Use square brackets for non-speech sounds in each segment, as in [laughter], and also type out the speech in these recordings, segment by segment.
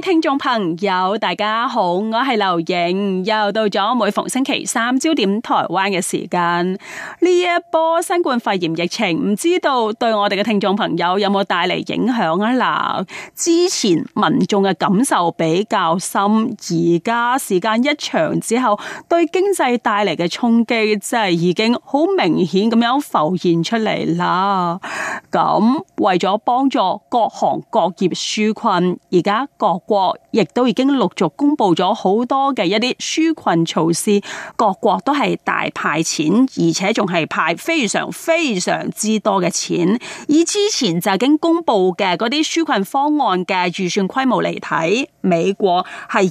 聽眾朋友，大家好，我係劉穎，又到咗每逢星期三焦點台灣嘅時間。呢一波新冠肺炎疫情唔知道對我哋嘅聽眾朋友有冇帶嚟影響啊？嗱，之前民眾嘅感受比較深，而家時間一長之後，對經濟帶嚟嘅衝擊，真係已經好明顯咁樣浮現出嚟啦。咁為咗幫助各行各業紓困，而家各國亦都已經陸續公布咗好多嘅一啲紓困措施。各國都係大派錢，而且仲係派非常非常之多嘅錢。以之前就已經公布嘅啲紓困方案嘅預算規模嚟睇，美國係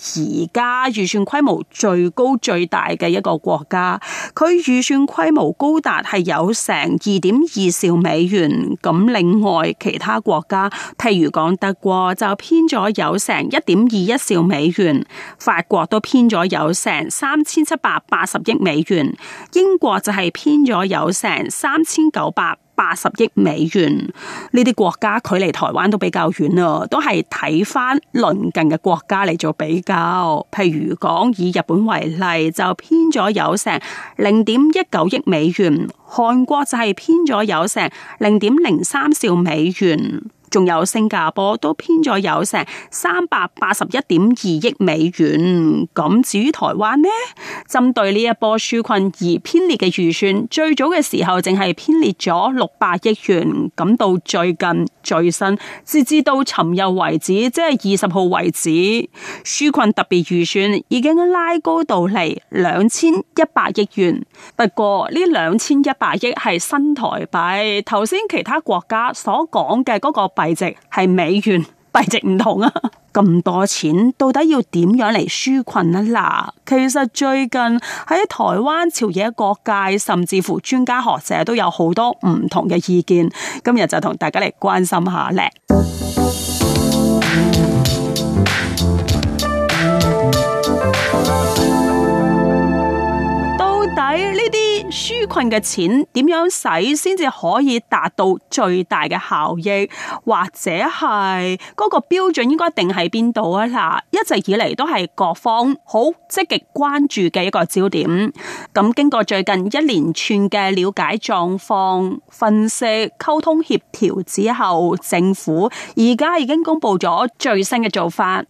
而家預算規模最高最大嘅一個國家，佢預算規模高達係有成二點二兆美元咁。咁另外，其他國家，譬如講德國就編咗有成一點二一兆美元；法國都編咗有成三千七百八十億美元；英國就係編咗有成三千九百。八十億美元呢啲國家，距離台灣都比較遠咯，都係睇翻鄰近嘅國家嚟做比較。譬如講以日本為例，就編咗有成零點一九億美元；韓國就係編咗有成零點零三兆美元。仲有新加坡都編咗有成三百八十一點二億美元。咁至於台灣呢？針對呢一波紓困而編列嘅預算，最早嘅時候淨係編列咗六百億元。咁到最近最新，直至到尋日為止，即係二十號為止，紓困特別預算已經拉高到嚟兩千一百億元。不過呢兩千一百億係新台幣，頭先其他國家所講嘅嗰個幣。是幣值係美元幣值唔同啊，咁多錢到底要點樣嚟紓困啊？嗱，其實最近喺台灣朝野各界，甚至乎專家學者都有好多唔同嘅意見，今日就同大家嚟關心一下咧。嘅錢點樣使先至可以達到最大嘅效益，或者係嗰個標準應該定喺邊度啊？嗱，一直以嚟都係各方好積極關注嘅一個焦點。咁經過最近一連串嘅了解狀況、分析、溝通協調之後，政府而家已經公布咗最新嘅做法。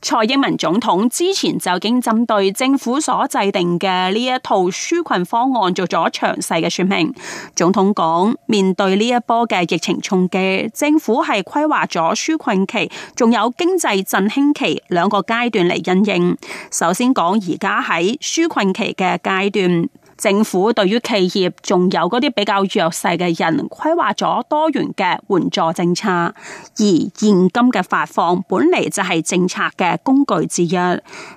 蔡英文總統之前就已經針對政府所制定嘅呢一套紓困方案做咗長。詳細嘅說明，總統講：面對呢一波嘅疫情衝擊，政府係規劃咗紓困期，仲有經濟振興期兩個階段嚟因應。首先講，而家喺紓困期嘅階段，政府對於企業仲有嗰啲比較弱勢嘅人規劃咗多元嘅援助政策，而現金嘅發放本嚟就係政策嘅工具之一，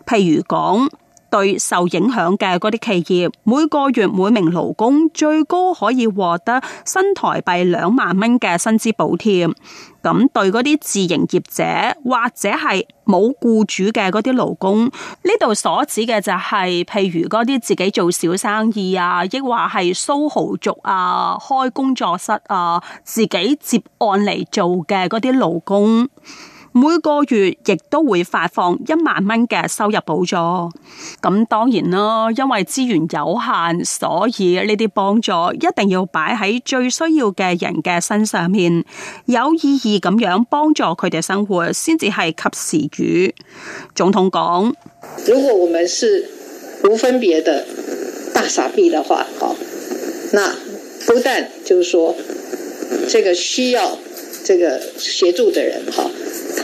譬如講。對受影響嘅嗰啲企業，每個月每名勞工最高可以獲得新台幣兩萬蚊嘅薪資補貼。咁對嗰啲自營業者或者係冇僱主嘅嗰啲勞工，呢度所指嘅就係、是，譬如嗰啲自己做小生意啊，亦或係 SOHO 族啊，開工作室啊，自己接案嚟做嘅嗰啲勞工。每個月亦都會發放一萬蚊嘅收入補助。咁當然啦，因為資源有限，所以呢啲幫助一定要擺喺最需要嘅人嘅身上面，有意義咁樣幫助佢哋生活，先至係及時雨。總統講：如果我們是無分別的大傻逼的話，哈，那不但就是說，這個需要這個協助的人，哈。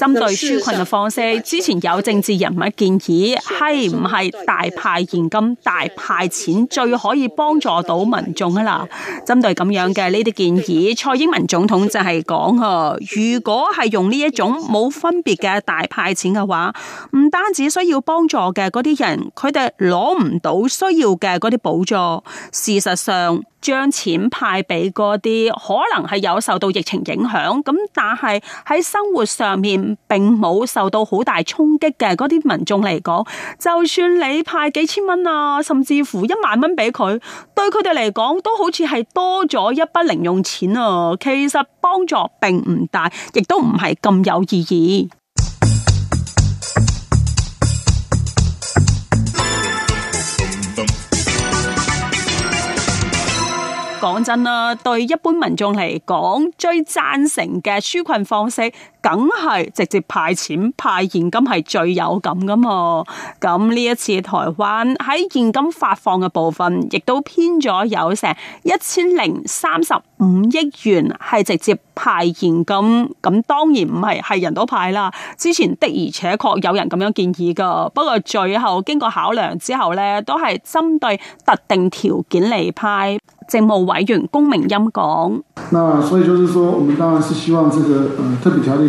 針對紓困嘅方式，之前有政治人物建議，係唔係大派現金、大派錢最可以幫助到民眾啊？嗱，針對咁樣嘅呢啲建議，蔡英文總統就係講：如果係用呢一種冇分別嘅大派錢嘅話，唔單止需要幫助嘅嗰啲人，佢哋攞唔到需要嘅嗰啲補助。事實上，將錢派俾嗰啲可能係有受到疫情影響，咁但係喺生活上面，並冇受到好大衝擊嘅嗰啲民眾嚟講，就算你派幾千蚊啊，甚至乎一萬蚊俾佢，對佢哋嚟講都好似係多咗一筆零用錢啊！其實幫助並唔大，亦都唔係咁有意義。講 [music] 真啦，對一般民眾嚟講，最贊成嘅紓困方式。梗係直接派錢派現金係最有感噶嘛？咁呢一次台灣喺現金發放嘅部分，亦都編咗有成一千零三十五億元係直接派現金。咁當然唔係係人都派啦。之前的而且確有人咁樣建議噶，不過最後經過考量之後呢，都係針對特定條件嚟派。政務委員龔明鑫講：那所以就是說，我們當然是希望這個、呃、特別條例。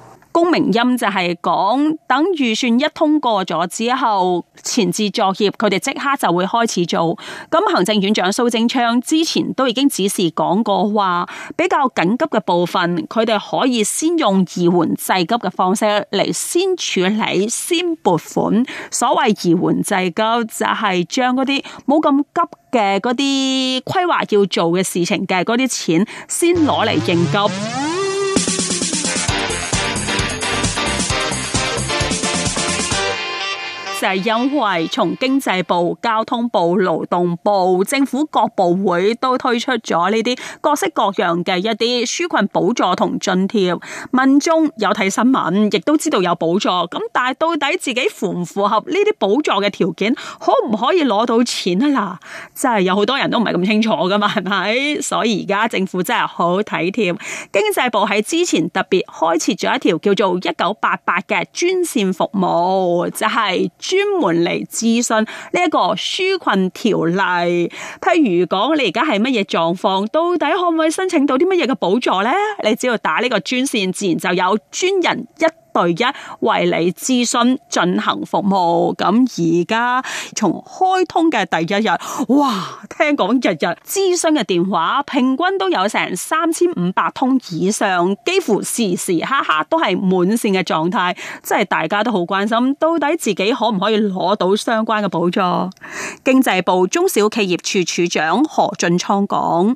公明音就係講，等預算一通過咗之後，前置作業佢哋即刻就會開始做。咁行政院長蘇貞昌之前都已經指示講過話，比較緊急嘅部分，佢哋可以先用移緩濟急嘅方式嚟先處理，先撥款。所謂移緩濟急就係將嗰啲冇咁急嘅嗰啲規劃要做嘅事情嘅嗰啲錢先拿來，先攞嚟應急。就係、是，因為從經濟部、交通部、勞動部，政府各部會都推出咗呢啲各式各樣嘅一啲紓困補助同津貼，民眾有睇新聞亦都知道有補助。咁但係到底自己符唔符合呢啲補助嘅條件，可唔可以攞到錢啊？嗱，真係有好多人都唔係咁清楚噶嘛，係咪，所以而家政府真係好體貼，經濟部喺之前特別開設咗一條叫做一九八八嘅專線服務，就係、是。專門嚟諮詢呢一個紓困條例，譬如講你而家係乜嘢狀況，到底可唔可以申請到啲乜嘢嘅補助咧？你只要打呢個專線，自然就有專人一。一對一為你諮詢進行服務，咁而家從開通嘅第一日，哇，聽講日日諮詢嘅電話平均都有成三千五百通以上，幾乎時時刻刻都係滿線嘅狀態，即係大家都好關心，到底自己可唔可以攞到相關嘅補助？經濟部中小企業處處長何俊倉講。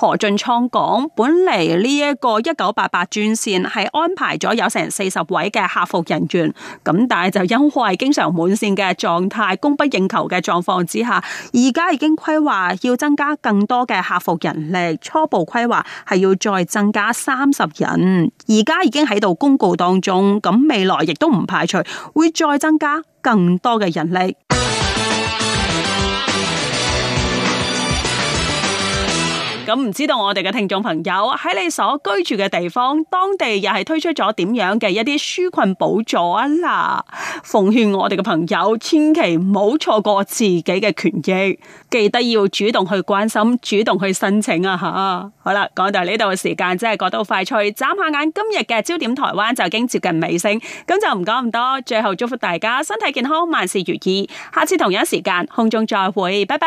何俊昌講，本嚟呢一個一九八八專線係安排咗有成四十位嘅客服人員，咁但係就因為經常滿線嘅狀態，供不應求嘅狀況之下，而家已經規劃要增加更多嘅客服人力，初步規劃係要再增加三十人，而家已經喺度公告當中，咁未來亦都唔排除會再增加更多嘅人力。咁唔知道我哋嘅聽眾朋友喺你所居住嘅地方，當地又係推出咗點樣嘅一啲紓困補助啊啦！奉勸我哋嘅朋友，千祈唔好錯過自己嘅權益，記得要主動去關心、主動去申請啊吓！好啦，講到呢度嘅時間真係覺得好快脆，眨下眼今日嘅焦點台灣就已經接近尾聲。咁就唔講咁多，最後祝福大家身體健康，萬事如意。下次同樣時間空中再會，拜拜。